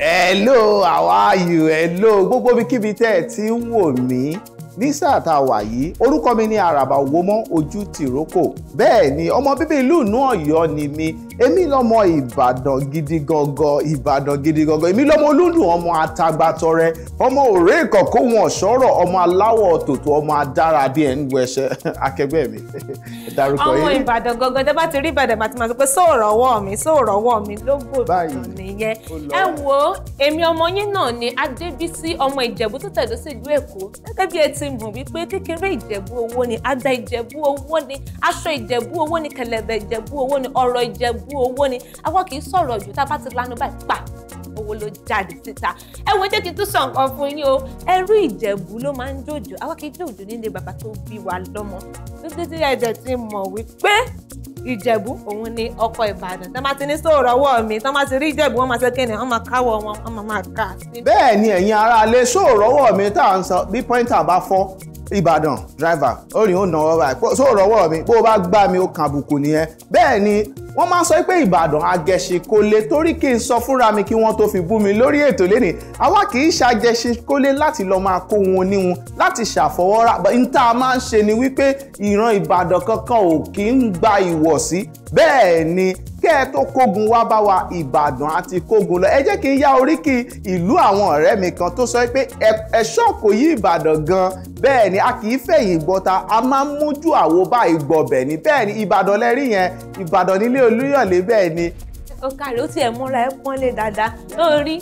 hello how are you hello gbogbo bí kíbi tẹ́ ẹ ti ń wò mí ní sáà tá a wà yìí orúkọ mi ni àràbà owómọ ojú tìrókò bẹ́ẹ̀ ni ọmọ bíbí ìlú ìnú Ọ̀yọ́ ni mi èmi lọ́mọ ìbàdàn gidi gọgọ ìbàdàn gidi gọgọ èmi lọ́mọ olúndùn ọmọ atagbatọrẹ ọmọ òré ìkọ̀kọ̀ wọn sọ̀rọ̀ ọmọ aláwọ̀ tòtò ọmọ adára bíi ẹni wọ ẹsẹ̀ akẹgbẹ́ mi dárúkọ yìí. ọmọ ìbàdàn gọgọ tẹ bá ti rí ìbàdàn màtí màá sọ pé sóòrọ̀ ọwọ́ mi sóòrọ̀ ọwọ́ mi ló gbòdò nìyẹn ẹ wo èmi ọmọ yín náà ni adébísí ọmọ ìjẹ̀bú tó tẹ̀dó sí ìlú èkó gẹ́gẹ́ bí ẹ ti mọ̀ wípé kékeré ìjẹ̀bú owó ni ada ìjẹ̀bú owó ni aṣọ ìjẹ̀bú owó ni kẹlẹ̀bẹ̀ ìjẹ̀bú owó ni ọ̀rọ̀ ìjẹ̀bú fún owó ni àwa kì í sọ̀rọ̀ jù tá a bá ti lanu báyìí pa owó ló jáde síta ẹ wo jẹ́ kí n tún sọ nǹkan fún yín o ẹrú ìjẹ̀bú ló máa ń jòjò àwa kì í jòjò nílé bàbá tó bí wa lọ́mọ títí tí ẹ̀jẹ̀ ti mọ̀ wípé ìjẹ̀bú òun ni ọkọ̀ ìbàdàn a bá ti ní sóòrọ̀ ọwọ́ mi tán bá ti rí ìjẹ̀bú wọn máa ṣe kéde wọn máa káwọ́ wọn wọn máa ká. bẹ́ẹ̀ ni ẹ̀yin aráalé sóòrọ̀ ọwọ́ mi tá à ń sọ bí pọ́ńtà bá fọ́ ìbàdàn driver ó rìn ó nà ọ́ so rọwọ́ mi bó o bá gbá mi ó kan àbùkù nìyẹn bẹ́ẹ̀ ni wọ́n máa ń sọ pé ìbàdàn agẹṣinkólé torí kí n sọ fúnra mi kí wọ́n tó fi bú mi lórí ètò lẹ́nìí àwa kì í ṣàjẹṣinkólé láti lọ́ọ́ máa kó wọn oníwọn láti ṣàfọwọ́rà n tá a máa ń ṣe ni wípé ìran ìbàdàn kankan ò kì í gba ìwọ̀sí bẹ́ẹ̀ ni kẹ́ ẹ tó kógun wá bá wa ìbàdàn àti kógun lọ ẹ jẹ́ kí n yá oríkì ìlú àwọn ọ̀rẹ́ mi kan tó sọ pé ẹ̀ṣọ́ kò yí ìbàdàn gan bẹ́ẹ̀ ni a kì í fẹ̀yìn gbọ́ta a máa ń mójú àwo báyìí gbọ̀bẹ̀ ni bẹ́ẹ̀ ni ìbàdàn lẹ́rí yẹn ìbàdàn nílé olúyọ̀lé bẹ́ẹ̀ ni. ọkàlẹ́ ó tiẹ̀ múra ẹ pọ́nlé dáadáa lórí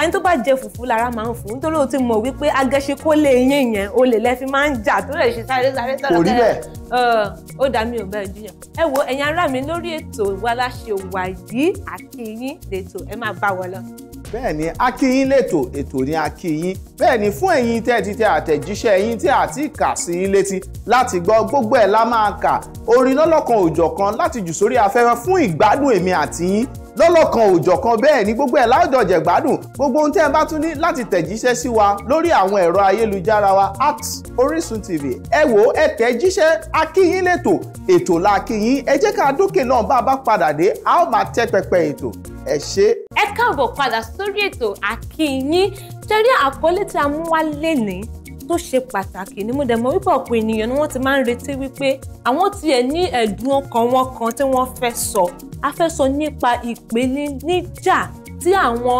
ẹni tó bá jẹ fùfú lára máa ń fún nítorí o ti mọ̀ wípé agẹ́ṣe kó lè yín yẹn o lè lẹ́fi máa ń jà tó lè ṣe sáré sáré sáré kò rí bẹ́ẹ̀ ó dá mi ò bẹ́ẹ̀ jiyàn ẹ wo ẹ̀yin ará mi lórí ètò wa láṣẹ wà yìí AkiiYin lẹ́tọ̀ ẹ máa bá wọn lọ. bẹ́ẹ̀ ni AkiiYin lẹ́tọ̀ ètò ni AkiiYin bẹ́ẹ̀ ni fún ẹ̀yin tẹ́ ti tẹ àtẹ̀jíṣẹ́ yín tí àti kà sí yín létí láti gbọ́ gbogbo ẹ̀ la máa kà orin lọ́lọ́kan òjọ̀kan láti jù sórí afẹ́fẹ́ fún ìgbádùn èmi àti yín lọ́lọ́kan òjọ̀kan bẹ́ẹ̀ ni gbogbo ẹ̀ láòjọ̀jẹ̀ gbádùn gbogbo ohun tẹ́ ẹ bá tún ní láti tẹ̀jíṣẹ́ sí wa lórí àwọn ẹ̀rọ ayélujára wa at Orísun TV ẹ wò ẹ tẹ̀jíṣẹ́ akíyín lẹ́tò ètò la akíyín ẹ jẹ́ ká dókè náà bá a bá padà dé a ó máa tẹ́ pẹpẹ ètò ẹ ṣé. ẹ káàbọ̀ padà sórí ètò akíyín torí àkọlé tí a mú wá lénìí tó ṣe pàtàkì ni mo dẹ̀ mọ̀ wípé ọ̀pọ̀ ènìyàn ni wọ́n ti máa ń retí wípé àwọn tiẹ̀ ní ẹ̀dùn ọkàn wọn kan tí wọ́n fẹ́ sọ a fẹ́ sọ nípa ìpèníjà tí àwọn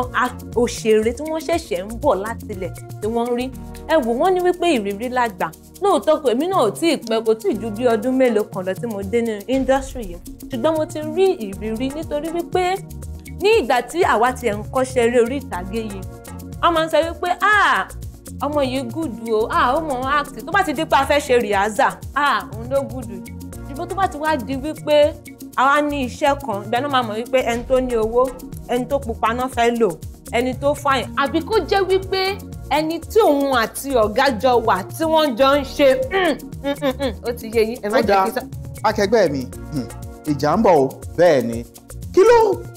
òṣèré tí wọ́n ṣẹ̀ṣẹ̀ ń bọ̀ látilẹ̀ tí wọ́n ń rí ẹ wò wọ́n ní wípé ìrírí làgbà lóòótọ́ pé èmi náà ò tí ì pẹ́ kò tí ì ju bí ọdún mélòó kan lọ tí mo dé nínú indọ́sírì yìí ṣùgbọ́n mo ti rí ìrírí nítorí wípé ní ìgbà tí àwa tiẹ̀ ń kọ́ṣẹ́ eré orí ìtàgé yìí wọ́n máa ń sọ wípé ah ọmọ yìí gùdù o ah ó mọ áàkì tó bá ti di pé a fẹ́ ṣe rìhásà ah òun ló gùdù ìbò tó bá ti wá di wípé àwa ní iṣẹ́ kan ìgbà náà máa mọ̀ wípé ẹni tó ní owó ẹni tó pupa náà fẹ́ lò ẹni tó fàyàn àbí kó jẹ́ wípé ẹni tí òun àti ọ̀gá jọ wà tí wọ́n jọ ń ṣe mm, mm, mm, ó ti yé yín ẹ má jẹ́ kí sọ. akẹgbẹ́ mi hmm, ìjà ń bọ̀ bẹ́ẹ̀ ni kí ló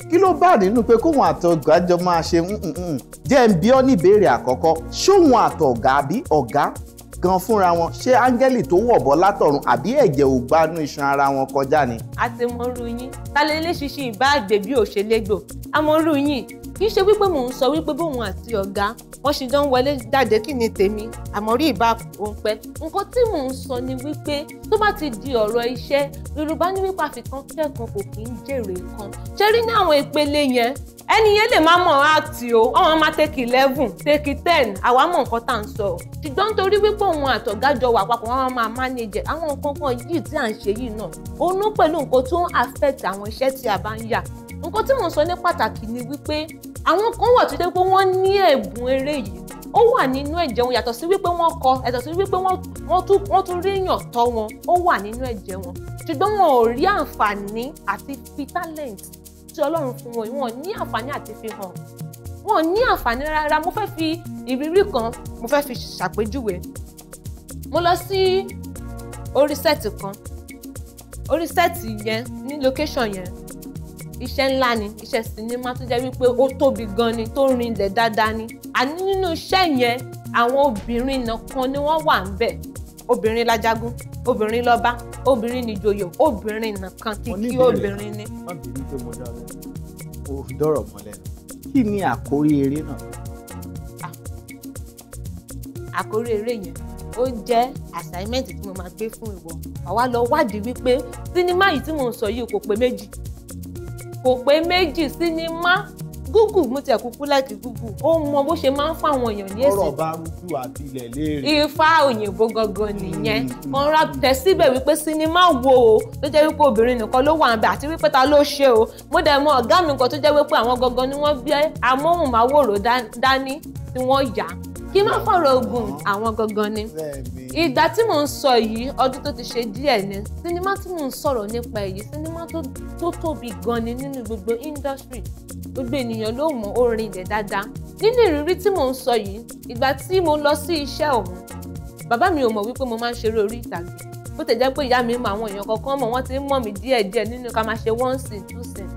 kí ló bá nínú pé kóun àtọ̀gá jọ máa ṣe mm, mm, mm, jẹ́ ń bí ọ́ ní ìbéèrè àkọ́kọ́ ṣóun àtọ̀gá àbí ọ̀gá gan fúnra wọn ṣé áńgẹ́lì tó wọ̀ bọ́ látọ̀run àbí ẹ̀jẹ̀ ò gbanú iṣan ara wọn kọjá ni. àtẹ̀mọ́rú yín ta lè lè ṣiṣẹ́ ìbá bí òṣèlégbò àmọ́rú yín kì í ṣe wípé mò ń sọ wípé bóun àti ọ̀gá wọ́n ṣe jọ ń wọlé jáde kí ni tèmi àmọ́ rí ìbá òun pẹ́ nǹkan tí mò ń sọ ni wípé tó bá ti di ọ̀rọ̀ iṣẹ́ yorùbá ní wípé àfikàn kẹ́kọ̀ọ́ kò kí ń jèrè kan ṣe rí ní àwọn ìpele yẹn ẹni yẹn lè má mọ̀ àti o ọ̀hún máa tẹ́kì eleven tẹ́kì ten àwa mọ̀ nǹkan tá à ń sọ ṣùgbọ́n nítorí wípé òun àtọ̀gájọ wà papọ̀ wọn máa mánéjẹ àwọn nǹkan kan yìí tí à ń ṣe yìí náà òun pẹ̀lú nǹkan tó ń affect àwọn iṣẹ́ tí a bá ń yà nǹkan tí mò ń sọ ní pàtàkì ni wípé àwọn kan wà tó jẹ́ pé wọ́n ní ẹ̀bùn eré yìí ó wà nínú ẹ̀jẹ̀ wọn yàtọ̀ sí wípé wọ́n kọ yàtọ̀ sí wípé wọ́n tún ríyàn tọ́ wọn ó wà nínú ẹ̀jẹ̀ wọn ṣùgbọ́n wọn ò rí àǹfààní àti fi talent tí Ọlọ́run fún wọn wọn ní àǹfààní àti fi hàn wọn ní àǹfààní rárá mo fẹ́ fi ìrírí kan mo fẹ́ fi ṣàpèjúwe mo lọ sí orí sẹ́ẹ̀tì kan orí sẹ́ẹ̀tì yẹn ní location yẹn iṣẹ́ ńlá ni iṣẹ́ sinimá tó jẹ́ wípé ó tóbi gan ni tó rinlẹ̀ dáadáa ni àní nínú iṣẹ́ yẹn àwọn obìnrin nìkan ni wọ́n wà ń bẹ̀ obìnrin lajagun obìnrin lọ́ba obìnrin nìjòyè obìnrin nìkan kìkì obìnrin ni. wọ́n dọ̀rọ̀ mọ́ kí ni àkórí eré náà. àkórí eré yẹn ó jẹ́ assignment tí mo máa gbé fún ìwọ àwa lọ wádìí wípé sinimá yìí tí mò ń sọ yìí kò pé méjì kò pé méjì sinimá google mo tiẹ̀ kúkú láti google ó mọ bó ṣe máa ń fún àwọn èèyàn ní èsì. ọ̀rọ̀ bá rújú àti ilẹ̀ léèrè. ifá òyìnbó gangan nìyẹn kan hmm. ra tẹ síbẹ̀ wípé sinimá wo o tó jẹ́ wípé obìnrin nìkan ló wà ń bẹ̀ àti wípé ta ló ṣe o mo dẹ̀ mọ ọ̀gá mi kan tó jẹ́ wípé àwọn gangan ni wọ́n gbé amóhùnmáwòrán dání tí wọ́n yà á kí n má fọ̀rọ̀ ogun àwọn gangan ni ìgbà tí mò ń sọ yìí ọdún tó ti ṣe díẹ̀ ni sinimá tí mò ń sọ̀rọ̀ nípa èyí sinimá tó tóbi gan ni nínú gbogbo industry gbogbo ènìyàn ló mọ̀ orin ilẹ̀ dáadáa nínú ìrírí tí mò ń sọ yìí ìgbà tí mo lọ sí iṣẹ́ ọ̀hún bàbá mi ò mọ̀ wípé mo máa ń ṣeré orí ìtàgé bó tẹ̀ jẹ́ pé ìyá mi mọ àwọn èèyàn kọ̀ọ̀kan mọ̀ wọ́n ti ń mọ̀ mí díẹ̀díẹ̀ nínú ká máa ṣe one scene two scene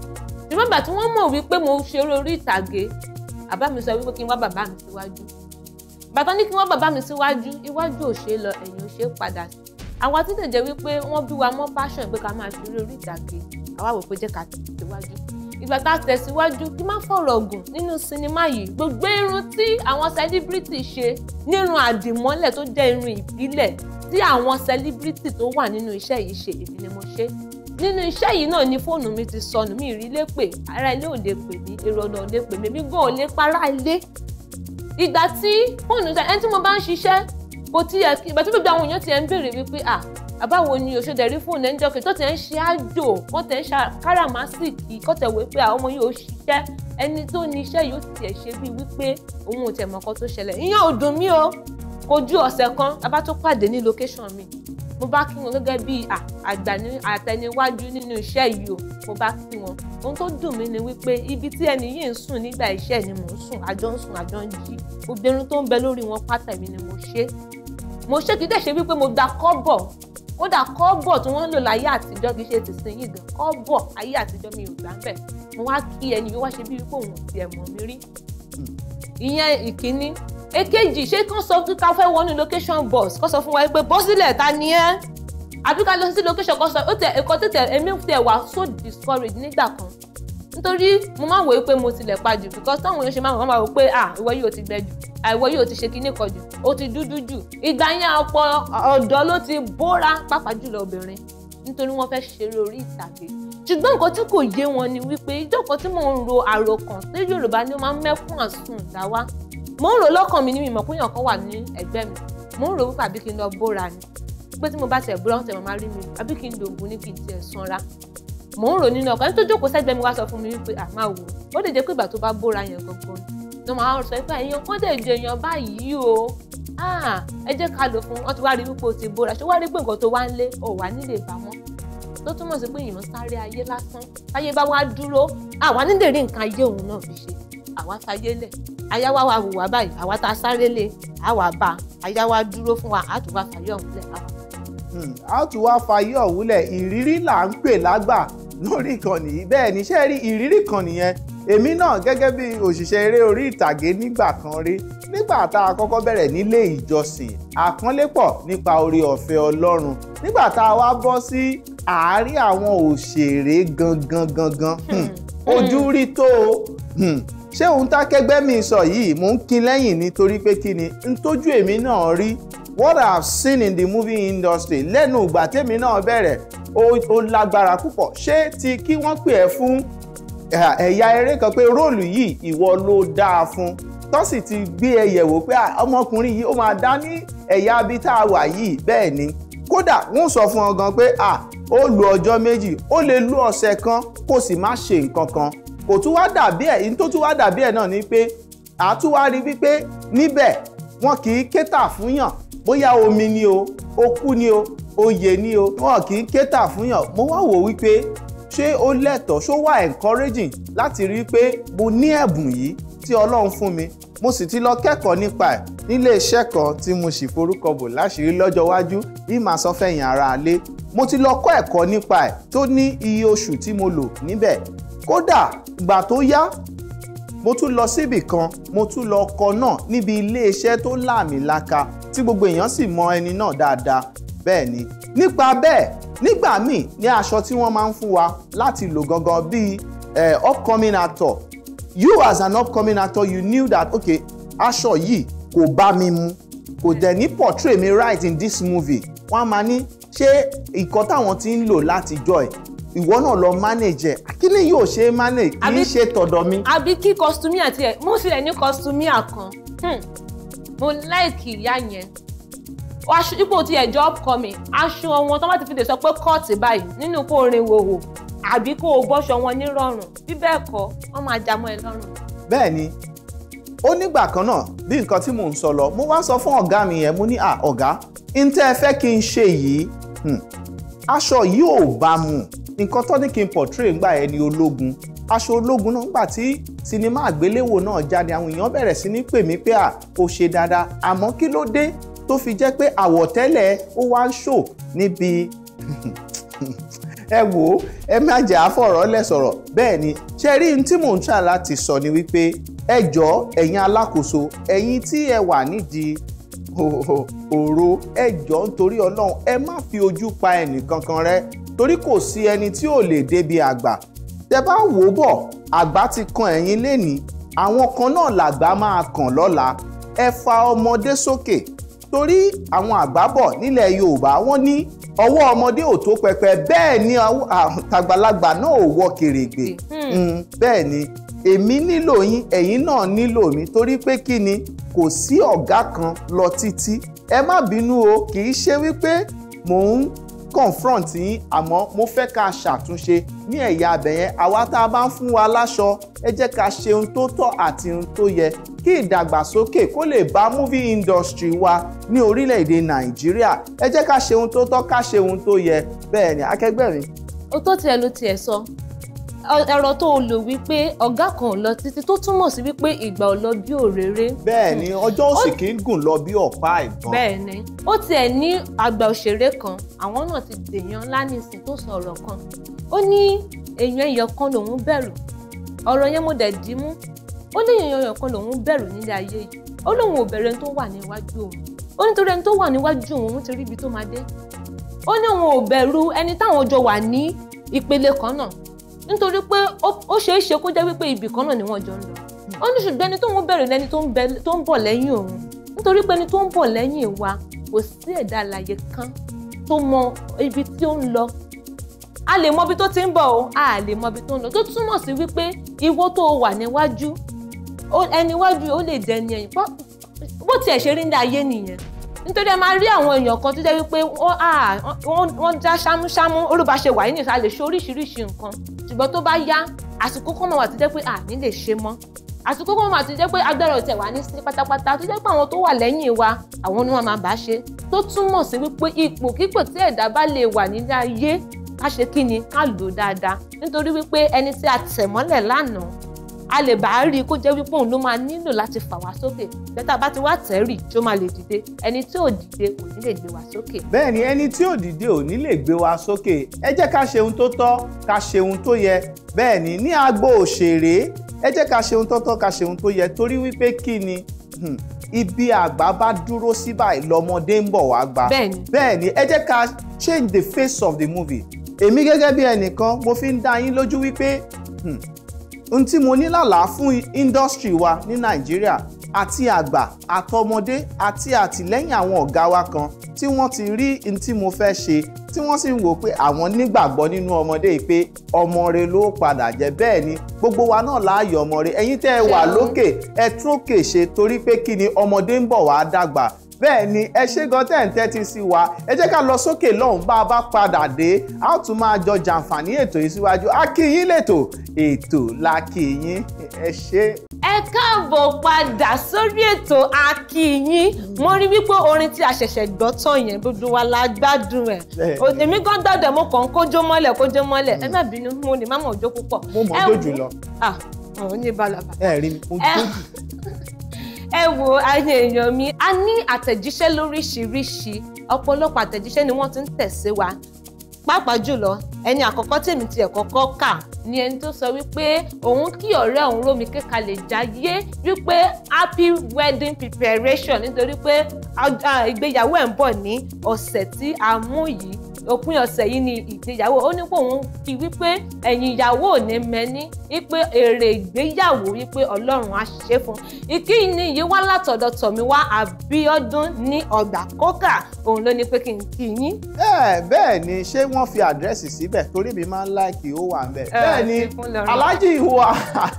ṣùgbọ́n bàtí wọ́n mọ̀ wípé mo ṣeré orí ìtàgé àbá mi sọ wípé kí n wá bàbá mi síwájú bàtà ní kí wọ́n bàbá mi síwájú iwájú ò ṣe é lọ ẹ̀yìn ò ṣe é padà sí àwa tí tẹ̀jẹ̀ wípé wọ́n bí wa mọ́ passion pé ká máa fi orí orí ìtàgé àwa wò pé jẹ́ ká tẹ̀síwájú ìgbà tá a tẹ̀síwájú kí má fọ̀rọ̀ gùn nínú sinimá yìí gbogbo irun tí àwọn celebrity ṣe nírun àdìmọ́lẹ̀ tó jẹ́ irun ìbílẹ̀ tí àwọn celebrity tó wà nínú iṣẹ́ yìí ṣe èmi ni mo ṣe nínú iṣẹ́ yìí náà ni fóònù mi ti sọnù mi ìrí lé pè ara ilé ò lè pè mí èrò ọ̀nà ò lè pè mí mi gan ò lè para ilé ìgbà tí fóònù ta ẹni tí mo bá ń ṣiṣẹ́ kò tiẹ̀ ìgbà tí gbogbo àwọn èèyàn tiẹ̀ ń béèrè wípé à àbáwo ni òṣèdè rí fóònù ẹni jọkè tó tiẹ̀ ń ṣe àjò kó tẹ̀ ń ṣe káràmásìkì kó tẹ̀ wípé àwọn ọmọ yóò ṣiṣẹ́ ẹni tó ní iṣẹ́ yóò tiẹ̀ ṣe bíi wípé òun ò tẹ̀ mọ̀kan tó ṣẹlẹ̀ ìyẹn ò dùn mí o kò ju ọ̀sẹ̀ kan a bá tó pàdé ní location mi mo bá kí wọn gẹ́gẹ́ bí àgbà àtẹniwájú nínú iṣẹ́ yìí o mo bá kí wọn ohun tó dùn mí ni wípé ibi tí ẹni yìí ń sùn nígbà iṣẹ́ ni mò ń sùn àjọ ń sùn àjọ ń jí gbogbo irun tó ń bẹ lórí wọn pátá mi ni mo ṣe mo ṣe kí dẹ̀ ṣe wípé mo gba kọ́bọ̀ kódà kọ́bọ̀ tí wọ́n ń lò láyé àtijọ́ kì í ṣe tìsinyìí gan kọ́bọ̀ ayé àtijọ́ mi ò gbà ń bẹ̀ mo wá kí ẹni yìí wá ṣe bí wípé òun ò tiẹ̀ mọ̀ mí rí hmm. ìyẹn ìkíní èkejì ṣé kán sọ pé ká fẹ́ wọnú location bus kán sọ fún wa pé bọ́ ta ni ẹ́ àbí ká lọ sí location kan sọ ó tẹ ẹ̀kọ́ tètè èmi tẹ wá so discouraged nígbà kan nítorí mo máa ń wòye pé mo tilẹ̀ pa jù because táwọn èèyàn ṣe máa ń máa wò pé ah ìwọ yìí ò ti gbẹ jù àìwọ yìí ò ti ṣe kinní kan jù ó ti dúdú jù ìgbà yẹn ọ̀pọ̀ ọ̀dọ́ ló ti bóra pàápàá jùlọ obìnrin nítorí wọ́n fẹ́ ṣeré orí ìtàgé ṣùgbọ́n nǹkan tí kò yé wọn ni wípé ìjọ́kọ̀ tí mò ń ro àròkàn sí Yorùbá ni ó máa ń mẹ́fún àsùn dá mo ń rò lọ́kàn mi ní mi mọ̀ pé èèyàn kan wà ní ẹgbẹ́ mi mo ń rò wípé àbí kí n lọ bóra ni pé tí mo bá tẹ̀ búra ọ̀tẹ̀ màmá rí mi àbí kí n dògùn ní kí n tiẹ̀ sanra mo ń rò nínú ọkàn ẹni tó jókòó sẹ́gbẹ́ mi wá sọ fún mi wípé àmà wò ó lè jẹ́ pé ìgbà tó bá bóra yẹn gangan ni mo máa ń sọ pé èèyàn kan dẹ̀ jẹ èèyàn báyìí o ẹ jẹ́ ká lò fún wọn wá rí wípé o ti bóra ṣé wá rí pé nǹkan tó wá ń lé ò wá nílé ìbámọ́ tó túmọ̀ sí pé èèyàn sáré ayé lásán ayé bá wá dúró àwa nílè rí nǹkan ayé òun náà fi ṣe àwa fayé lẹ̀ aya wa wa wò wá báyìí àwa ta sáré lé àwa bá aya wa dúró fún wa àtún wá fayé ọ̀hún lẹ̀ àwa. àtún wá hmm, fayé ọ̀hún ìrírí là ń pè lágbà lórí ìkànnì yìí bẹ́ẹ̀ ni ṣé rí ìrírí kan nìyẹn èmi náà gẹ́gẹ́ bí òṣìṣẹ́ eré orí ìtàgé nígbà kan rí nígbà tá a kọ́kọ́ bẹ̀rẹ̀ nílé ìjọsìn àpọ́nlé pọ̀ nípa orí ọ̀fẹ́ Ọlọ́run nígbà tá a wá bọ́ sí àárín àwọn òṣèré gangan gangan hmm, hmm. ojú rí tó o ṣé òun tákẹ́gbẹ́ mi sọ yìí mò ń kin lẹ́yìn nítorí pé kí ni n tójú èmi náà rí what I have seen in the movie industry lẹ́nu ìgbà tèmi náà bẹ̀rẹ̀ ó lágbára púpọ̀ ṣé ti kí wọ́n pè ẹ́ fún ẹ̀yà eré kan pé róòlù yìí ìwọ ló dáa fún tán sì ti gbé ẹ yẹ̀wò pé ọmọkùnrin yìí ó máa dá ní ẹ̀yà abí tá a wà yìí bẹ́ẹ̀ ni kódà wọ́n sọ fún ọ gan pé ó lo ọjọ́ méjì ó lè lo ọ̀sẹ̀ kan kó sì má ṣe nǹkan kan kò tún wá dàbí ẹ̀ ní tó tún wá dàbí ẹ̀ náà ni pé àtúwárí wípé níbẹ̀ wọn kì í kétà fúnyàn bóyá omi ni o okú ni o oyè ni o wọn kì í kétà fúnyàn mo wá wò wípé ṣé ó lẹ́tọ̀ọ́ ṣó wà encouraging láti rí i pé mo ní ẹ̀bùn yìí tí ọlọ́run fún mi mo sì ti lọ kẹ́kọ̀ọ́ nípa ẹ̀ nílé iṣẹ́ kan tí mo sì forúkọ bò láṣìírí lọ́jọ́ iwájú bí màá sọ fẹ̀yìn ara alé mo ti lọ kọ́ ẹ̀kọ́ nípa ẹ̀ tó ní iye oṣù tí mo lò níbẹ̀ kódà ìgbà tó yá mo tún lọ síbì kan mo tún lọ kọ náà níbi iléeṣẹ́ tó láàmìlaka tí gbogbo èèyàn sì mọ ẹni náà dáadáa bẹ́ẹ̀ ni nípa bẹ́ẹ̀ nígbà míì ní aṣọ tí wọ́n máa ń fún wa láti lò gangan bíi eh, upcoming actor you as an upcoming actor you knew that okay aṣọ yìí kò bá mi mu kò dẹ̀ ní portray mi right in this movie wọ́n á máa ní ṣé ìkan táwọn ti ń lò látijọ́ ẹ̀ ìwọ náà lọ manage ẹ kíni yóò ṣe manage kì í ṣe tọ̀dọ̀ mi. àbí kí kọ́sítúmíà tiẹ̀ mo tilẹ̀ ní kọ́sítúmíà kan hmm. mo láìkì ìyá yẹn aṣọ ipò tí ẹjọ upcoming aṣọ wọn tó bá ti fi lè sọ pé kọ́ọ̀tì báyìí nínú kó rin wòwò àbí kó o bọ́ṣọ wọn nírọ̀rùn bí bẹ́ẹ̀ kọ́ wọ́n máa já mọ́ ẹ lọ́rùn. bẹ́ẹ̀ ni ó nígbà kan náà bí nǹkan tí mò ń sọ lọ mo wá sọ fún ọ̀gá mi yẹn mo ní ọ̀gá n fẹ́ kí n ṣe yìí hmm, aṣọ yìí ò bá mu nǹkan tó ní kí n portray ńgbà yẹn ni ológun aṣọ ológun náà ńgbà tí sinimá àgbéléwò náà jáde àwọn èèyàn bẹ̀rẹ̀ sí ní pè mí pé à ó ṣe dáadáa àmọ́ kí ló dé tó fi jẹ́ pé àwọ̀tẹ́lẹ̀ ó wá ń ṣò níbi ẹ wò ó ẹ má jẹ́ àfọ̀rọ̀ lẹ̀ sọ̀rọ̀ bẹ́ẹ̀ ni ṣe rí n tí mò ń ṣà láti sọ ni wípé ẹ jọ ẹ̀yin alákòóso ẹ̀yin tí ẹ wà nídìí ọ̀rọ̀ ẹ jọ nítorí Ọlọ́run ẹ má fi ojú pa ẹnìkankan rẹ torí kò sí ẹni tí ò lè débi àgbà tẹ bá wò ó bọ̀ àgbà ti kan ẹ̀yin lénìí àwọn kan náà làgbà máa kàn lọ́la ẹ fa ọmọdé sókè torí àwọn àgbà bọ̀ nílẹ̀ Yorùbá wọ́n ní ọwọ́ ọmọdé ò tó pẹpẹ bẹ́ẹ̀ ni àgbàlagbà náà ò wọ kèrègbè hmm. Hmm, bẹ́ẹ̀ ni èmi nílò yín ẹ̀yin náà nílò mi torí pé kí ni kò sí ọ̀gá kan lọ títí ẹ má bínú o kì í ṣe wípé mò ń confront yín àmọ́ mo fẹ́ ká ṣàtúnṣe ní ẹ̀yà abẹ̀yẹn àwa tá a bá ń fún wa láṣọ ẹ jẹ́ ká ṣe ohun tó tọ́ àti ohun tó yẹ kí ìdàgbàsókè kó lè bá movie industry wa ní orílẹ̀-èdè nàìjíríà ẹ jẹ́ ká ṣe ohun tó tọ́ ká ṣe ohun tó yẹ bẹ́ẹ̀ ni akẹgbẹ́ mi. o tó tiẹ̀ ló tiẹ̀ sọ ẹ̀rọ tó o lò wípé ọ̀gá kan ò lọ títí tó túmọ̀ sí wípé ìgbà ò lọ bí òréré. bẹ́ẹ̀ ni ọjọ́ òsì kì í gùn lọ bí ọ̀pá ìbọn. bẹ́ẹ̀ ni ó tiẹ̀ ní àgbà òṣèré kan àwọn náà ti dèèyàn ńlá nísìn tó sọ ọ̀rọ̀ kan ó ní èèyàn ẹyọ kan lòun bẹ̀rù ọ̀rọ̀ yẹn mo dẹ̀ dì í mú ó ní èèyàn ẹyọ kan lòun bẹ̀rù nílé ayé yìí ó lóun ò bẹ̀rù ẹni tó wà níwájú òun ó nítorí ẹni tó wà níwájú òun ti rí ibi tó máa dé ó ní òun ò bẹ̀rù ẹni táwọn jọ wà ní ìpele kan náà nítorí pé ó ṣeé ṣe kó jẹ́ wípé ibì kan náà ni wọ́n jọ ń lọ hmm. ó ní ṣùgbọ́n ẹni tó ń bẹ̀rẹ̀ lẹ́ni tó ń bọ̀ lẹ́yìn òun nítorí pé ẹni tó ń bọ̀ lẹ́yìn wa kò sí ẹ̀dá alàyè kan tó mọ ibi tí ó ń lọ a lè mọ ibi tó ti ń bọ̀ o a lè mọ ibi tó ń lọ tó túmọ̀ sí wípé ìwọ tó wà níwájú ẹni iwájú ó lè dẹni ẹ̀yìn bó tiẹ̀ ṣe rí ní ayé nìyẹn nítorí ẹ máa rí àwọn èèyàn kan tó jẹ́ wípé wọ́n já ṣámúṣámú olùbáṣe wà nínú ìsàlẹ̀ ṣe oríṣiríṣi nǹkan ṣùgbọ́n tó bá yá àsìkò kan máa wà tó jẹ́ pé àní lè ṣe mọ́ àsìkò kan máa tó jẹ́ pé agbára ọ̀tẹ̀ wà ní sí pátápátá tó jẹ́ pé àwọn tó wà lẹ́yìn wa àwọn ni wọ́n máa bá ṣe tó túmọ̀ sí wípé ipò kípò tí ẹ̀dá bá lè wà nílé ayé ká ṣe kí ni ká lò dáadáa nítorí wípé ẹni tí a tẹ̀ mọ́lẹ̀ lánàá a lè bá rí i kó jẹ́ wípé òun ló máa nílò láti fà wá sókè bẹ́tà bá ti wá tẹ́rì tó máa lè dìde ẹni tí ò dìde kò ní lè gbé wa sókè. bẹ́ẹ̀ni ẹni tí ò dìde ò ní lè gbé wa sókè ẹ jẹ́ ká ṣe ohun tó tọ́ ká ṣe ohun tó yẹ bẹ́ẹ̀ni ní agbo òṣèré ẹ jẹ́ ká ṣe ohun tó tọ́ ká ṣe ohun tó yẹ torí wípé kí ni hmm, ibi àgbà bá dúró sí báyìí lọmọdé ń bọ̀ wá gba bẹ́ẹ̀ni ẹ jẹ́ ká change the face of the movie èmi gẹ́gẹ́ bí ẹnìkan mo fi ń dá yín lójú wípé hmm, ohun tí mo ní lálàá fún industry wa ní nàìjíríà àti àgbà àtọmọdé àti àtìlẹ́yìn àwọn ọ̀gá wa kan tí wọ́n ti rí ohun tí mo fẹ́ ṣe tí wọ́n sì ń wò pé àwọn nígbàgbọ́ nínú ọmọdé yìí pé ọmọ rẹ ló padà jẹ́ bẹ́ẹ̀ ni gbogbo wa náà láàyò ọmọ rẹ ẹ̀yin tẹ́ ẹ wà lókè ẹ tún òkè ṣe torí pé kí ni ọmọdé ń bọ̀ wá dàgbà bẹ́ẹ̀ ni ẹ ṣe gan tẹ́ ń tẹ́tí sí wa ẹ jẹ́ ká lọ sókè lọ́hùn bá a bá padà dé a ó tún máa jọ jàǹfààní ètò yìí síwájú a kí yín lẹ́tò ètò la kí yín ẹ ṣe. ẹ káàbọ̀ padà sórí ètò a kí yín mo rí wípé orin tí a ṣẹ̀ṣẹ̀ gbọ́ tán yẹn gbogbo wa la gbádùn ẹ̀ èmi gan gbọ́dọ̀ mo kàn kójó mọ́lẹ̀ kójó mọ́lẹ̀ ẹ má bínú mo lè má mọ̀ ọjọ́ púpọ̀. mo mọ̀ ọjọ́ jù lọ. ẹ rí mi mo jójú ẹ wo ayé èèyàn mi a ní àtẹ̀jíṣẹ́ lóríṣiríṣi ọ̀pọ̀lọpọ̀ àtẹ̀jíṣẹ́ ni wọ́n ti ń tẹ̀ sí wa pàápàá jùlọ ẹni àkọ́kọ́ tèmi tiẹ̀ kọ́kọ́ kà ni ẹni tó sọ wípé òun kí ọ̀rẹ́ òun rómi kéka lè jáyé wípé happy wedding preparation nítorí pé ìgbéyàwó ẹ̀ ń bọ̀ ní ọ̀sẹ̀ tí a mú yìí òpin ọ̀sẹ̀ yìí ni ìgbéyàwó ó ní pé òun ti wípé ẹ̀yìn ìyàwó ò ní mẹ́ni wípé èrè ìgbéyàwó wípé ọlọ́run á ṣe fún un ìkíni yìí wá látọ̀dọ̀ tọ̀míwá àbíọ́dún ní ọgbà kókà òun ló ní pé kí n kí yín. ẹ bẹ́ẹ̀ ni ṣé wọ́n fi àdírẹ́sì síbẹ̀ torí mi máa ń láìkì ó wà ńbẹ̀ bẹ́ẹ̀ ni alájì wa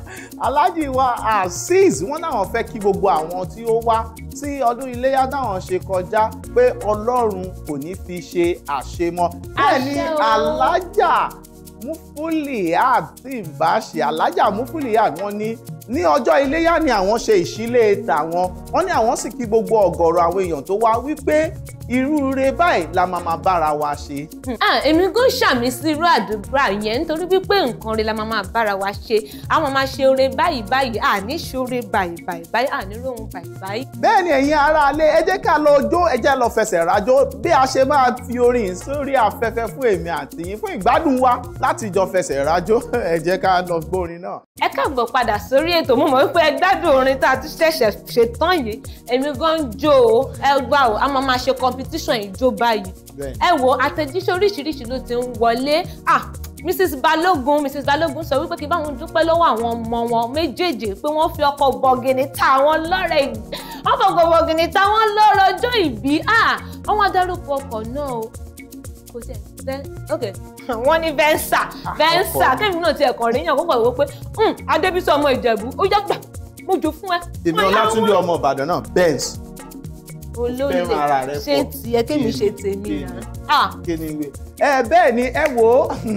alájì wa azeez wọ́n náà fẹ́ kí gbogbo àwọn tí ó wá tí ọdún iléyà táwọn ṣe kọjá pé ọlọ́run kò ní fi ṣe àṣemọ bẹ́ẹ̀ ni alájà mufuliab tí ìbá ṣe alájà mufuliab wọ́n ní ní ọjọ́ iléyà ni àwọn ṣe ìṣílẹ̀ tàwọn wọ́n ní àwọn sì kí gbogbo ọ̀gọ̀rọ̀ àwọn èèyàn tó wá wípé irú rẹ báyìí la máa máa bára wa ṣe. èmi gan ṣàmì sí irú àdúrà yẹn nítorí wípé nǹkan rẹ la máa máa bára wa ṣe a máa máa ṣe oore báyìí báyìí àní ṣoore báyìí báyìí báyìí àní rohun báyìí báyìí. bẹ́ẹ̀ ni ẹ̀yin ará alẹ́ ẹ jẹ́ ká lọ jó ẹ jẹ́ lọ fẹsẹ̀ rájó bí a ṣe máa fi orin sórí afẹ́fẹ́ fún èmi àti yín fún ìgbádùn wa láti jọ fẹsẹ̀ rájó ẹ jẹ́ ká lọ gbórin náà. ẹ káàbọ̀ padà sórí ètò mo mọ̀ wípé ẹ gbádùn orin tá a ti ṣẹ̀ṣẹ̀ ṣetán yìí èmi gan jó ẹ gbà ó a máa máa ṣe kọ́ competition ìjó báyìí ẹ wo àtẹ̀jíṣẹ́ oríṣiríṣi ló ti ń wọlé ah mrs balógun mrs balógun sọ wípé kí n bá wọn àwọn ọmọ wọn méjèèjì pé wọ́n fi ọkọ̀ bọ̀gìnì ta àwọn lọ́rẹ̀ wọ́n fọkọ̀ ta wọ́n lọ́rọ̀ ọjọ́ ìbí ah wọ́n dárúkọ ọkọ̀ náà o kò tẹ̀ then okay wọ́n ní venza ah, venza kẹ́mi náà ti ẹ̀kọ́ rí yàn kókò wípé hmm, adébísọ̀ ọmọ ìjẹ̀bú ó yá mo jù fún ẹ. èmi ọlátúndé ọmọ ìbàdàn náà benz olóòlè ṣe tiẹ̀ kémi ṣe tèmi náà. ẹ bẹ́ẹ̀ ni ẹ wo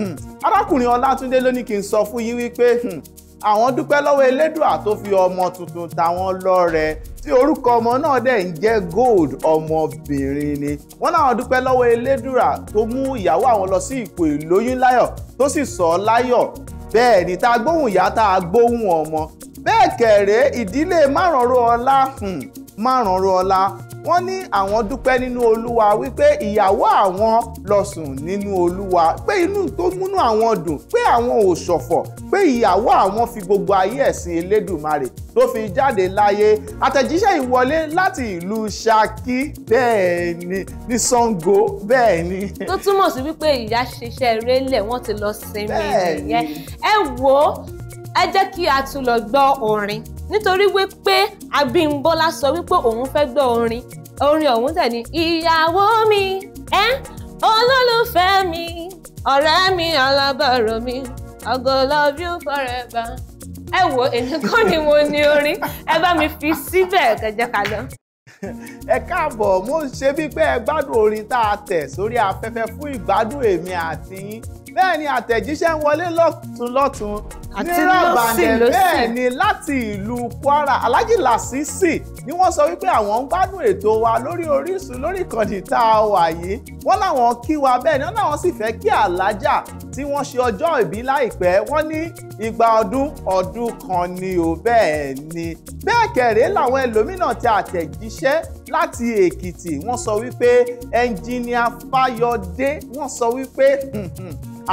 arákùnrin Ọlátúndé ló ní kí n sọ fún yín wípé hmm, àwọn dúpẹ́ lọ́wọ́ Elédùà tó fi ọmọ tuntun táwọn lọ́rẹ tí orúkọ ọmọ náà dẹ̀ ń jẹ́ Gold ọmọbìnrin ni wọ́n láwọn dúpẹ́ lọ́wọ́ Elédùà tó mú ìyàwó àwọn lọ sí ipò ìlóyún láyọ̀ tó sì sọ ọ́ láyọ̀ bẹ́ẹ̀ ni tá a gbóhùn ìyá tá a gbóhùn ọmọ bẹ́ẹ̀ kẹ̀rẹ́ ìdílé márùnún ọlá hmm, márùnún ọlá wọ́n ní àwọn dúpẹ́ nínú olúwa wípé ìyàwó àwọn lọ sùn nínú olúwa pé inú tó múnú àwọn dùn pé àwọn ò ṣọ̀fọ̀ pé ìyàwó àwọn fi gbogbo ayé ẹ̀sìn elédùmarè tó fi jáde láyé àtẹ̀jíṣẹ́ ìwọlé láti ìlú Ṣakí bẹ́ẹ̀ ni ní Ṣàngó bẹ́ẹ̀ ni. tó túmọ̀ sí wípé ìyá ṣiṣẹ́ rélẹ̀ wọ́n ti lọ sinmi nìyẹn ẹ wò ó ẹ jẹ́ kí a tún lọ gbọ́ orin nítorí wípé Abímbọ́lá sọ wípé òun fẹ́ gbọ́ orin orin ọ̀hún tẹ̀ ní ìyàwó mi ẹ olólùfẹ́ mi ọ̀rẹ́ mi alábàárọ̀ mi I go love you forever ẹ wo èmi kọ́ ni mo ní orin ẹ bá mi fi síbẹ̀ kẹjẹ́ ká lọ ẹ káàbọ̀ mo ń ṣe bí pé ẹ gbádùn orin tá a tẹ̀ sórí afẹ́fẹ́ fún ìgbádùn èmi àti yín bẹ́ẹ̀ ni àtẹ̀jíṣẹ́ ń wọlé lọ́tún lọ́tún ní rọ̀bàdàn bẹ́ẹ̀ ni láti ìlú Kwara Alhaji Lasisi ni wọ́n sọ wípé àwọn ń gbádùn ètò wa lórí Orísun lórí ìkànnì tá a wà yìí wọ́n láwọn kí wa bẹ́ẹ̀ ni wọ́n láwọn sì fẹ́ kí Alhaja tí wọ́n ṣe ọjọ́ ìbí láìpẹ́ wọ́n ní ìgbà ọdún ọdún kan ni ò bẹ́ẹ̀ ni bẹ́ẹ̀ kẹ̀rẹ́ làwọn ẹlòmíràn tẹ àtẹ̀jíṣẹ́ láti Èkìtì wọ́n sọ wípé ẹnjìníà Fáyọdé wọ́n sọ wípé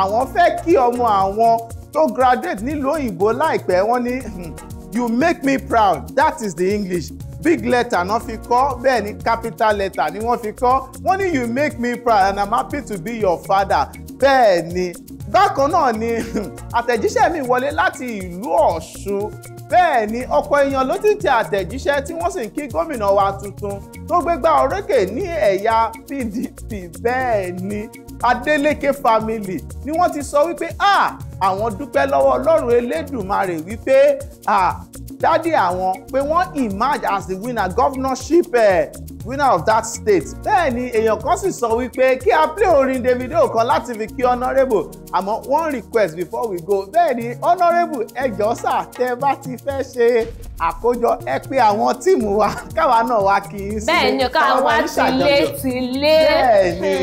àwọn fẹ́ kí ọmọ àwọn tó graduate nílùú òyìnbó láìpẹ́ wọ́n ní hmm, you make me proud that is the English big letter náà fi kọ́ bẹ́ẹ̀ ni capital letter ni wọ́n fi kọ́ wọ́n ní you make me proud and I'm happy to be your father bẹ́ẹ̀ ni bákan náà ni hmm, àtẹ̀jíṣẹ́ mi wọlé láti ìlú Ọ̀ṣun bẹ́ẹ̀ ni ọ̀pọ̀ èèyàn ló ti tẹ àtẹ̀jíṣẹ́ tí wọ́n sì ń kí gómìnà wa tuntun tó gbégbá orókè ní ẹ̀yà PDP bẹ́ẹ̀ ni Adeleke family ni wọ́n ti sọ wípé àwọn dúpẹ́ lọ́wọ́ Ọlọ́run Elédùmarè wípé dádì àwọn pé wọ́n emerge as the winner governorship eh, winner of that state. bẹ́ẹ̀ ni èèyàn kan sì sọ wípé kí a play orin Davido kan láti fi kí honourable àmọ́ one request before we go bẹ́ẹ̀ ni honourable ẹjọ́ sà tẹ́ bá ti fẹ́ ṣe àkójọ ẹ pé àwọn tíìmù wa káwa náà wá kì í sí. bẹ́ẹ̀ ni káwa tilé tilé. bẹ́ẹ̀ ni.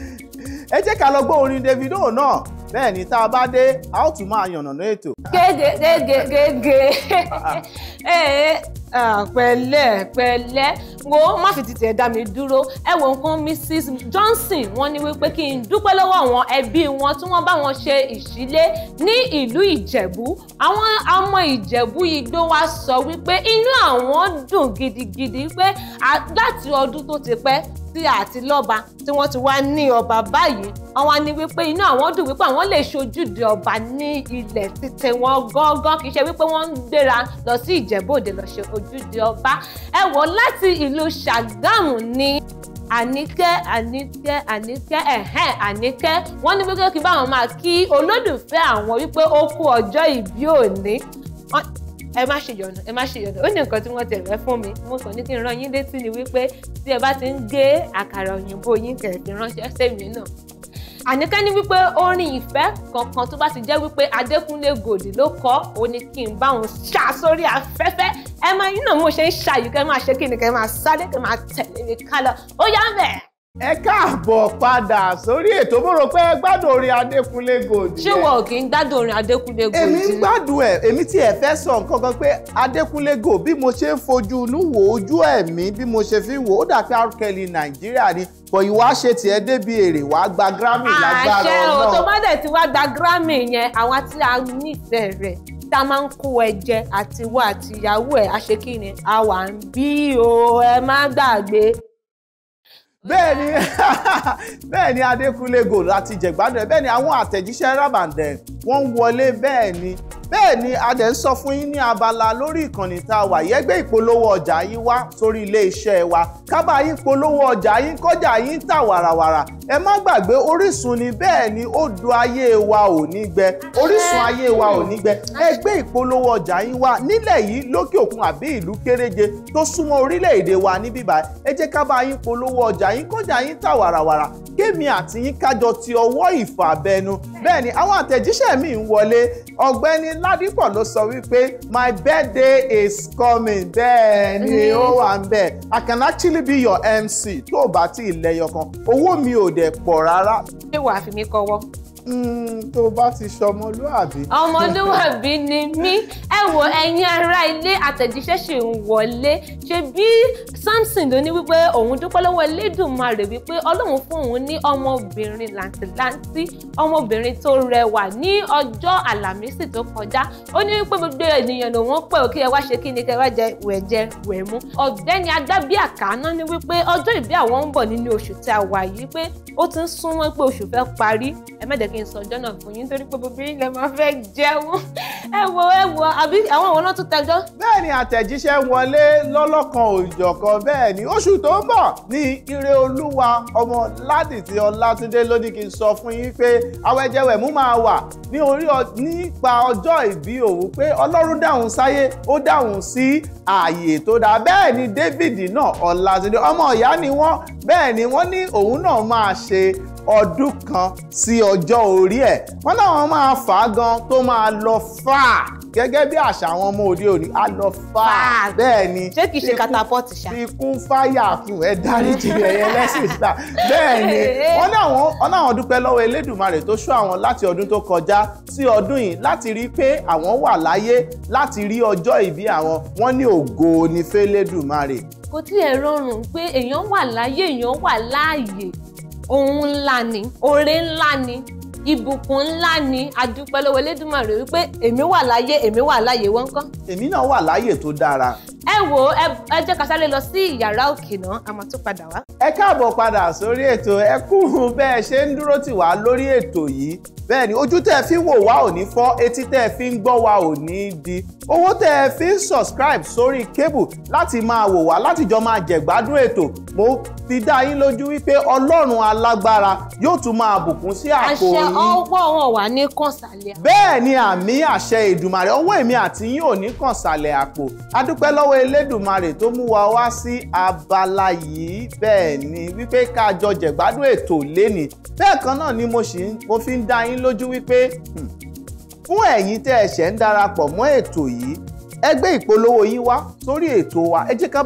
ẹ jẹ́ ká lọ gbọ́ orin Davido náà bẹ́ẹ̀ ni tá a bá dé a ó tún máa yànnàná ètò. gégégégégé ee eh, pẹ̀lẹ́ pẹ̀lẹ́ wo má fi tètè dá mi dúró ẹ wo nǹkan Mrs Johnson wọ́n ní wípé kí n dúpẹ́ lọ́wọ́ àwọn ẹbí wọn tí wọ́n bá wọn ṣe ìṣílé ní ìlú Ìjẹ̀bú àwọn ọmọ Ìjẹ̀bú igbó wa sọ wípé inú àwọn dùn gidigidi pé láti ọdún tó ti pẹ́ tí àti lọ́ba tí wọ́n ti wá ní ọba báyìí àwọn ni wípé inú àwọn dùn wípé àwọn lè ṣojúde ọba ní ilẹ̀ títẹ wọn gángan kì í ṣe wípé wọ́n ń gbéra lọ sí ìjẹ́bòde lọ ṣe ojúde ọba ẹ wò láti ìlú ṣàgámù ni àníkẹ́ àníkẹ́ àníkẹ́ ẹ̀hẹ́n àníkẹ́ wọ́n ní wípé kí báwọn máa kí olólùfẹ́ àwọn wípé ó kú ọjọ́ ìbí òní ẹ má ṣe yọnu ẹ má ṣe yọnu ó ní nǹkan tí wọ́n tẹ̀ wẹ́ fún mi mo kàn ní kí n rán yín létí ni wípé tí ẹ bá ti ń gé àkàrà òyìnbó yín kẹ̀kẹ́ ránṣẹ́ sẹ́mi náà àníkẹ́ ní wípé orin ìfẹ́ kankan tó bá ti jẹ́ wípé Adékúnlé Gold ló kọ ó ní kí n bá òun ṣá sórí afẹ́fẹ́ ẹ máa yín náà mo ṣe ń ṣàyíkẹ́ máa ṣe kí ni kẹ́ máa sáré kẹ́ máa tẹ̀lé mi kálọ̀ ó yá mẹ́ẹ̀ ẹ káàbọ̀ padà sórí ètò mo rò pé ẹ gbádùn orin adékúnlé gold yẹn. ṣé wọn ò kì í gbádùn orin adékúnlé gold yẹn. èmi ń gbádùn ẹ èmi tí ẹ fẹ́ sọ nǹkan kan pé adékúnlé gold bí mo ṣe ń fojú inú wo ojú ẹ̀mí bí mo ṣe fi ń wò ó dà pé r kelly nàìjíríà ni bọ̀ ìwà ṣe tiẹ̀ débi èrè wàá gba grammy lágbára ọ̀nà. àṣẹ ò tó má ti wá gba grammy yẹn àwọn tí a nífẹ̀ẹ́ rẹ̀ tá máa ń kó ẹ jẹ àtiwọ àtìyàwó ẹ àṣekínni a ń bí o ẹ má gbàgbé bẹ́ẹ̀ ni bẹ́ẹ̀ ni Adékúnlé Gold láti jẹ̀gbádùn ẹ̀ bẹ́ẹ̀ ni àwọn àtẹ̀jíṣẹ́ rábàndẹ̀ wọ́n ń wọlé bẹ́ẹ̀ ni bẹ́ẹ̀ ni adẹ̀ ń sọ fún yín ní abala lórí ìkànnì tá a wà yẹ́ ìpolówó ọjà yín wá sórí ilé-iṣẹ́ wa kábà yín polówó ọjà yín kọjá yín tà wàràwàrà ẹ má gbàgbé Orísun ni bẹ́ẹ̀ ni ó ayé wa ò ní gbẹ Orísun ayé wa ò ní gbẹ ẹ ìpolówó ọjà yín wá nílẹ̀ yìí lókè òkun àbí ìlú kéréje tó súnmọ́ orílẹ̀-èdè wa ní bíbá ẹ jẹ́ yín polówó Ládípọ̀ ló sọ wípé my birthday is coming bẹ́ẹ̀ ni mm-hmm. ó wà ń bẹ̀ I can actually be your MC tó o bá ti ilẹ̀ yọkan owó mi ò dẹ̀ pọ̀ rárá. ṣé wàá fi mí kọ́wọ́. Mm, tó bá ti ṣọmọlúàbí. ọmọlúàbí ni mí ẹ wo ẹ̀yin ará ilé àtẹ̀jíṣẹ́ ṣì ń wọlé ṣe bí Samson ló ní wípé òun dúpẹ́ lọ́wọ́ Elédùmarè wípé Ọlọ́run fún òun ní ọmọbìnrin làǹtìlanti ọmọbìnrin tó rẹwà ní ọjọ́ àlàmísì tó kọjá ó ní wípé gbogbo ènìyàn lòun pẹ́ òkè ẹ ṣe kí ni kẹ wá jẹ wẹ̀jẹ wẹ̀mú ọ̀gbẹ́ni Adábíàká náà ní wípé ọjọ́ ìbí àwọn ń bọ̀ nínú oṣù tí a wà yìí pé ó ti ń súnmọ́ pé oṣù fẹ́ parí ẹ̀mẹ́dẹ̀kí ń sọ ọjọ́ náà fún yín nítorí pé gbogbo yín máa fẹ́ jẹun ẹ wo wo àbí àwọn àwọn náà tún tẹjọ́. bẹ́ẹ̀ ni àtẹ̀jíṣẹ́ wọlé lọ́lọ́kan òjọ̀kan bẹ́ẹ̀ ni oṣù tó ń bọ̀ ní ire olúwa ọmọ ládìtì ọlátúndé ló ní kí n sọ fún yín pé awẹ́jẹwẹ̀ mú máa wà ní orí nípa ọjọ́ ìbí òun pé ọlọ́run dáhùn sáyé ó dáhùn sí ààyè tó dáa bẹ́ẹ̀ ni David náà ọlátúndé ọmọ ìyá ni wọ́n bẹ́ẹ̀ ni wọ́n ní òun náà máa ṣe ọdún kan sí ọjọ́ orí ẹ̀ wọ́n láwọn máa fà á gan tó máa lọ fà á gẹ́gẹ́ bí àṣà àwọn ọmọ òde òní á lọ fà á bẹ́ẹ̀ ni ṣé kìí ṣe katapọ́ọ̀tì ṣá fi kún fáyà fún ẹ dárí jìnnà ẹ̀yẹ lẹ́sìn sílá bẹ́ẹ̀ ni wọ́n láwọn dúpẹ́ lọ́wọ́ Elédùmarè tó ṣọ́ àwọn láti ọdún tó kọjá sí ọdún yìí láti rí pé àwọn wà láyé láti rí ọjọ́ ìbí àwọn wọ́n ní ògo ni f'Elédùmarè kò tiẹ̀ rọrùn pé èèyàn wà láyé èèyàn wà láàyè ohun ńlá ni oore ńlá ni ìbùkún ńlá ni adúpẹ́ lọ́wọ́ Elédùmarè wípé èmi wà láyé èmi wà láyé wọ́n kọ́. èmi náà wà láyé tó dára ẹ wò ẹ jẹ́ ká sáré lọ sí yàrá òkè náà a máa tún padà wá. ẹ káàbọ̀ padà sórí ètò ẹ kúrú bẹ́ẹ̀ ṣe ń dúró tì wá lórí ètò yìí bẹ́ẹ̀ ni ojú tẹ́ fi ń wò wá ò fọ́ etí tẹ́ fi ń gbọ́ wá ò di owó tẹ́ fi ń subscribe sórí cable láti máa wò wá láti jọ máa jẹ̀gbádùn ètò mo fi dá yín lójú wípé ọlọ́run alágbára yóò tún máa bùkún sí àpò yín. àṣẹ ọwọ́ wọn wà ní kànsálẹ̀. bẹ́ẹ̀ ni àmì àṣẹ Èdùmàrè ọwọ́ èmi àti yín ò ní kànsálẹ̀ àpò adúpẹ́ lọ́wọ́ lọ́wọ́ Elédùmarè tó mú wa wá sí abala yìí bẹ́ẹ̀ ni wípé ká jọ jẹ̀gbádùn ètò léni bẹ́ẹ̀ kan náà ni mo fi ń dá yín lójú wípé hmm, fún ẹ̀yin tẹ́ ẹ ṣẹ̀ ń darapọ̀ mọ́ ètò yìí wa ẹ jẹ́ ká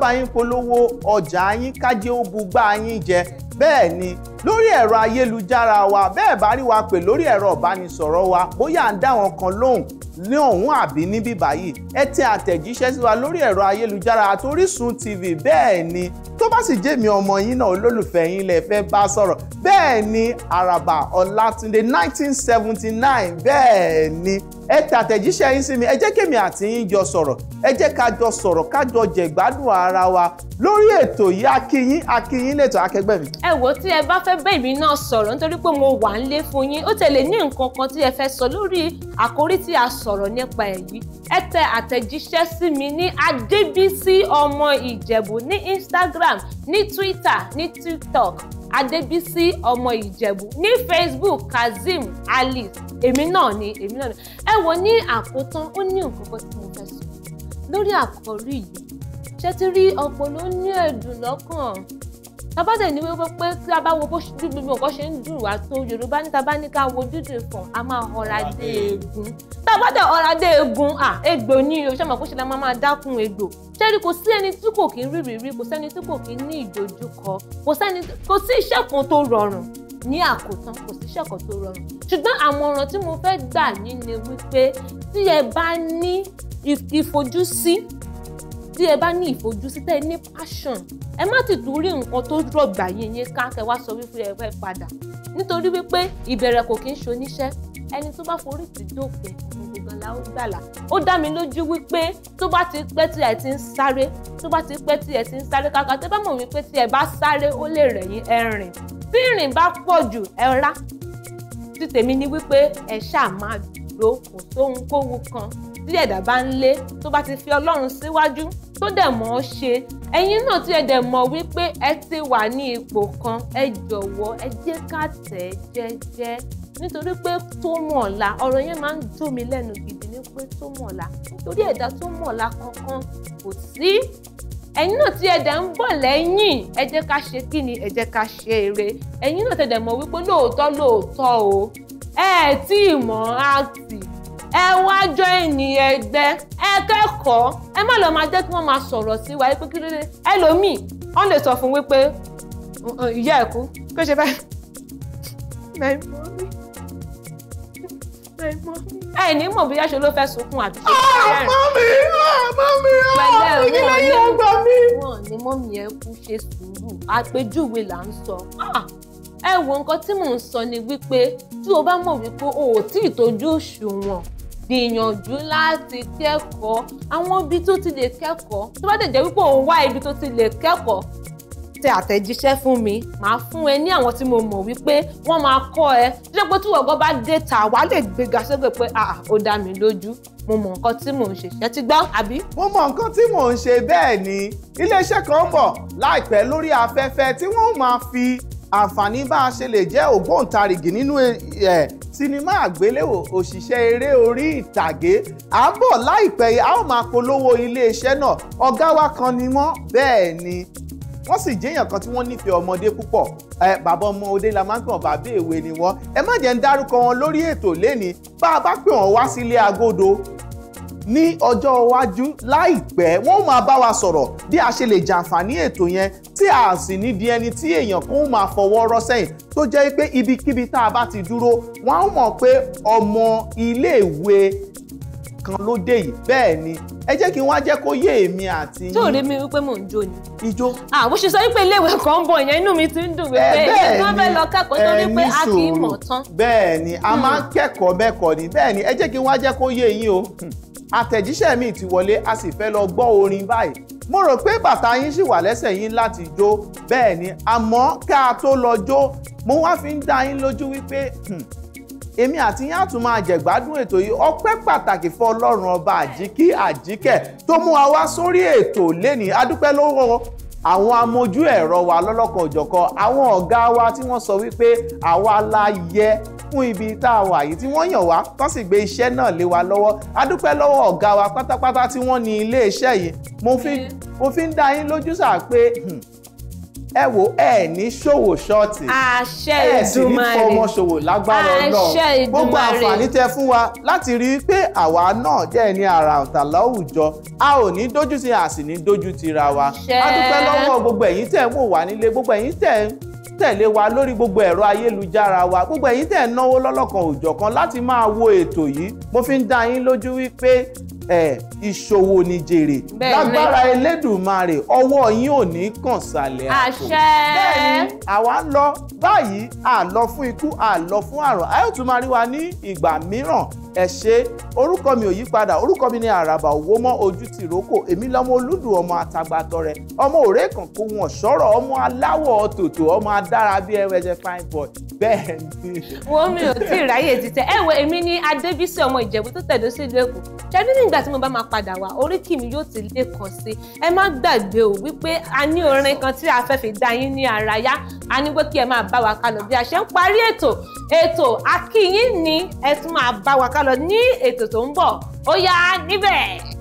ọjà yín ó bu gbá yín jẹ bẹ́ẹ̀ ni lórí ẹ̀rọ ayélujára wa bẹ́ẹ̀ bá rí wa pè lórí ẹ̀rọ ìbánisọ̀rọ̀ wa bóyá à ń dá wọn kan lóhùn ní ọ̀hún àbí níbí báyìí ẹ tẹ àtẹ̀jíṣẹ́ sí wa lórí ẹ̀rọ ayélujára àti TV bẹ́ẹ̀ ni tó bá sì jẹ́ mi ọmọ yín náà olólùfẹ́ yín lẹ fẹ́ bá sọ̀rọ̀ bẹ́ẹ̀ ni Àràbà Ọlátúndé 1979 bẹ́ẹ̀ ni ẹ tàtẹ̀jíṣẹ́ yín sí mi ẹ jẹ́ kémi àti yín jọ sọ̀rọ̀ ẹ jẹ́ ká jọ sọ̀rọ̀ ká jọ jẹ̀gbádùn ara wa lórí ètò yìí akíyín akíyín lẹ́tọ̀ akẹgbẹ́ mi. ẹ wo tí ẹ bá fẹ́ fẹ́ bẹ́ èmi náà sọ̀rọ̀ nítorí pé mo wà ń lé fún yín ó tẹ̀lé ní nǹkan kan tí ẹ fẹ́ sọ lórí àkórí tí a sọ̀rọ̀ nípa ẹ̀ yìí ẹ tẹ àtẹ̀jíṣẹ́ sí mi ní adébísí ọmọ ìjẹ̀bú ní instagram ní twitter ní tiktok adébísí ọmọ ìjẹ̀bú ní facebook kazeem ali èmi náà ni èmi náà ni ẹ wo ní àkótán ó ní nǹkan kan tí mo fẹ́ sọ lórí àkórí yìí ṣe ti rí ọpọlọ ní ẹ̀dùn lọ́kàn tábàdàn ní wípé pé tí a bá wo bó bí gbogbo nǹkan ṣe ń dùn wá tó yorùbá ní tábà ní ká wo dídùn ìfọ̀n a máa ọ̀rá dé egun tábàdàn ọ̀rá dé egun à egbò ní o ṣé màkúṣe la máa dákun egbò ṣé rí kò sí ẹni tí kò kí ń rí rírí kò sẹ́ni tí kò kí ń ní ìdojúkọ kò sẹ́ni kò sí iṣẹ́ kan tó rọrùn ní àkótán kò sí iṣẹ́ kan tó rọrùn ṣùgbọ́n àmọ̀ràn tí mo fẹ́ gbà yín ni wípé tí ẹ bá ní ìfojúsí tí ẹ bá ní ìfojúsí tẹ́ ẹ ní passion ẹ má ti torí nǹkan tó rọ̀gbà yín yín ká kẹ wá sọ wípé ẹ fẹ́ padà nítorí wípé ìbẹ̀rẹ̀ kò kí ń ṣoníṣẹ́ ẹni tó bá forí tì dópin gbọ̀ngàn la ó gbàlà ó dá mi lójú wípé tó bá ti pẹ́ tí ẹ ti ń sáré tó bá ti pẹ́ tí ẹ ti ń sáré kàkà tẹ́ bá mọ̀ wípé tí ẹ bá sáré ó lè rẹ̀ yín ẹ rìn tí ìrìn bá pọ̀ jù ẹ rá ti tèmi ni wípé ẹ ṣáà máa dúró kò sóhunkóhun kan tí ẹ̀dá bá ń lé tó bá ti fi Ọlọ́run síwájú tó dẹ̀ mọ̀ ọ́ ṣe ẹ̀yin náà tí ẹ dẹ̀ mọ̀ wípé ẹ ti wà ní ipò kan ẹ jọ̀wọ́ ẹ jẹ́ ká tẹ̀ ẹ́ jẹ́jẹ́ nítorí pé tó mọ̀ ọ̀la ọ̀rọ̀ yẹn máa ń jó mi lẹ́nu gidi ní pé tó mọ̀ ọ̀la nítorí ẹ̀dá tó mọ̀ ọ̀la kankan kò sí ẹ̀yin náà tí ẹ̀dẹ̀ ń bọ̀ lẹ́yìn ẹ jẹ́ ká ṣe kí ni ẹ jẹ́ ká ṣe eré ẹ̀yin náà tẹ̀dẹ̀ mọ̀ wípé lóòótọ́ lóòótọ́ o ẹ ẹ̀ tí ì mọ̀ á tì ẹ wá jọ ènìyàn ẹgbẹ́ ẹ kẹ́kọ̀ọ́ ẹ má lọ máa jẹ́ kí wọ́n máa sọ̀rọ̀ sí wa pé kí ló dé ẹlòmíì wọ́n lè sọ fún wípé ìyá ẹ̀ kú kó ṣe báyìí my mommy my mommy. ẹ ní mọ̀ bí yáṣọ ló fẹ́ sunkún àti ṣe rẹ̀. mọ́mí mọ́mí ìdílé yóò gbà mí. wọn ni mọ́mí ẹ kú ṣe sùúrù àpèjúwe là ń sọ ah, ẹ wo nǹkan tí mò ń sọ ni wípé tí o bá mọ̀ wípé o ò tí ì tójú òṣùwọ̀n gbìyànjú láti kẹ́kọ̀ọ́ àwọn ibi tó ti lè kẹ́kọ̀ọ́ tó bá dẹ̀ jẹ́ wípé òun wá ibi tó ti lè kẹ́kọ̀ọ́ tẹ àtẹ̀jíṣẹ́ fún mi màá fún ẹ ní àwọn tí mo mọ̀ wípé wọ́n máa kọ́ ẹ tó jẹ́ pé tí wọ̀gọ́ bá dé ta wà á lè gbéga sókè pé àà ó dá mi lójú mo mọ̀ nǹkan tí mò ń ṣe ṣe ti gbọ́ àbí. mo mọ̀ nǹkan tí mò ń ṣe bẹ́ẹ̀ ni iléeṣẹ́ kan ń bọ̀ láìpẹ́ lórí afẹ́fẹ́ tí wọ́n máa fi àǹfààní bá a ṣe lè jẹ́ ògbóǹtarìgì nínú sinimá àgbéléwò òṣìṣẹ́ eré orí ìtàgé à ń bọ̀ láìpẹ́ yìí a ó máa polówó iléeṣẹ́ náà ọ̀gá wa kan ni wọ́n bẹ́ẹ̀ ni wọ́n sì jẹ́yàn kan tí wọ́n nífẹ̀ẹ́ ọmọdé púpọ̀ ẹ bàbá ọmọdé la máa ń gbọ̀n bàbá èwe ni wọ́n ẹ má jẹ́ ń dárúkọ wọn lórí ètò lẹ́ni bá a bá pè wọ́n wá sílé agodo ní ọjọ́ iwájú láìpẹ́ wọ́n máa bá wa sọ̀rọ̀ bí a ṣe lè jàǹfààní ètò yẹn tí a sì ní di ẹni tí èèyàn kan máa fọwọ́ rọ́ sẹ́yìn tó jẹ́ pé ibikíbi tá a bá ti dúró wọ́n á mọ̀ pé ọmọ iléèwé kan ló dé yìí bẹ́ẹ̀ ni ẹ jẹ́ kí n wá jẹ́ kó yé èmi àti yín. tí rí mi wípé mò ń jó ni. ijó. àbó ṣe sọ wípé iléèwé kan ń bọ̀ yẹn inú mi ti ń dùn wípé èyí tó fẹ́ lọ kẹ́kọ̀ọ́ tó ní pé a kì í mọ̀ tán. bẹ́ẹ̀ a máa ń hmm. kẹ́kọ̀ọ́ mẹ́kọ̀ọ́ ni bẹ́ẹ̀ ẹ jẹ́ kí n wá jẹ́ kó yé yín o àtẹ̀jíṣẹ́ mi ti wọlé a sì fẹ́ lọ gbọ́ orin báyìí mo rò pé bàtà yín ṣì wà lẹ́sẹ̀ yín láti jó bẹ́ẹ̀ ni àmọ́ ká a tó lọ jó mo wá fi ń dá yín lójú wípé hmm, èmi àti yín á tún máa jẹ̀gbádùn ètò yìí ọpẹ́ pàtàkì fún ọlọ́run ọba àjíkí àjíkẹ́ tó mú wa wá sórí ètò lénìí adúpẹ́ lọ́wọ́ àwọn amójú ẹ̀rọ wa lọ́lọ́kan òjọ̀kan àwọn ọ̀gá wa tí wọ́n sọ wípé àwa la yẹ fún ibi tá a wà yìí tí wọ́n yàn wá tán sì gbé iṣẹ́ náà lé wa lọ́wọ́ adúpẹ́ lọ́wọ́ ọ̀gá wa pátápátá tí wọ́n ní ilé yìí mo fi ń dá yín lójú sáà pé ẹ wo ẹ ní ṣòwò ṣọ́ọ̀tì àṣẹ ìdùmarè ẹ sì ní fọmọ ṣòwò lágbára Ọlọ́run gbogbo àǹfààní tẹ fún wa láti rí i pé àwa náà jẹ́ ní ara ọ̀tà láwùjọ a ò ní dójú ti a sì ní dójú ti ra wa a dúpẹ́ lọ́wọ́ gbogbo ẹ̀yin tẹ̀ ń wò wá nílé gbogbo ẹ̀yin tẹ̀ ń tẹ̀lé wa lórí gbogbo ẹ̀rọ ayélujára wa gbogbo ẹ̀yin tẹ̀ ń náwó lọ́lọ́kan òjọ̀kan láti máa wo ètò yìí mo fi ń dá yín lójú wípé ẹ ìṣòwò ní jèrè lágbára Elédùmarè ọwọ́ yín ò ní kàn sàlẹ̀ àpò bẹ́ẹ̀ni àwa ń lọ báyìí à fún ikú à fún àrùn a yóò tún máa rí wa ní ìgbà mìíràn ẹ ṣé orúkọ mi ò yí padà orúkọ mi ni àràbà òwò mọ ojú ti roko èmi lọmọ olúdù ọmọ àtàgbàtọrẹ ọmọ òré kan kó wọn sọ̀rọ̀ ọmọ aláwọ̀ tòtò ọmọ adára bíi ẹwẹjẹ fine boy bẹ́ẹ̀ ni. wọn mi ò tí ì ráyè títẹ ẹ wo èmi ní adébísí ọmọ ìjẹ̀bú tó tẹ̀dó sí ìlú èkó ṣáájú nígbà tí mo bá máa padà wá oríkì mi yóò ti lé kan sí ẹ má gbàgbé o wípé a ní orin kan tí a fẹ́ fi dá yín ní ara yá a ní pé kí ẹ máa bá wa kálọ bí a ṣe ń parí ètò ètò akínyìn ni ẹ tún máa bá wa kálọ lọ ní ètò tó ń bọ̀ ó yá níbẹ̀.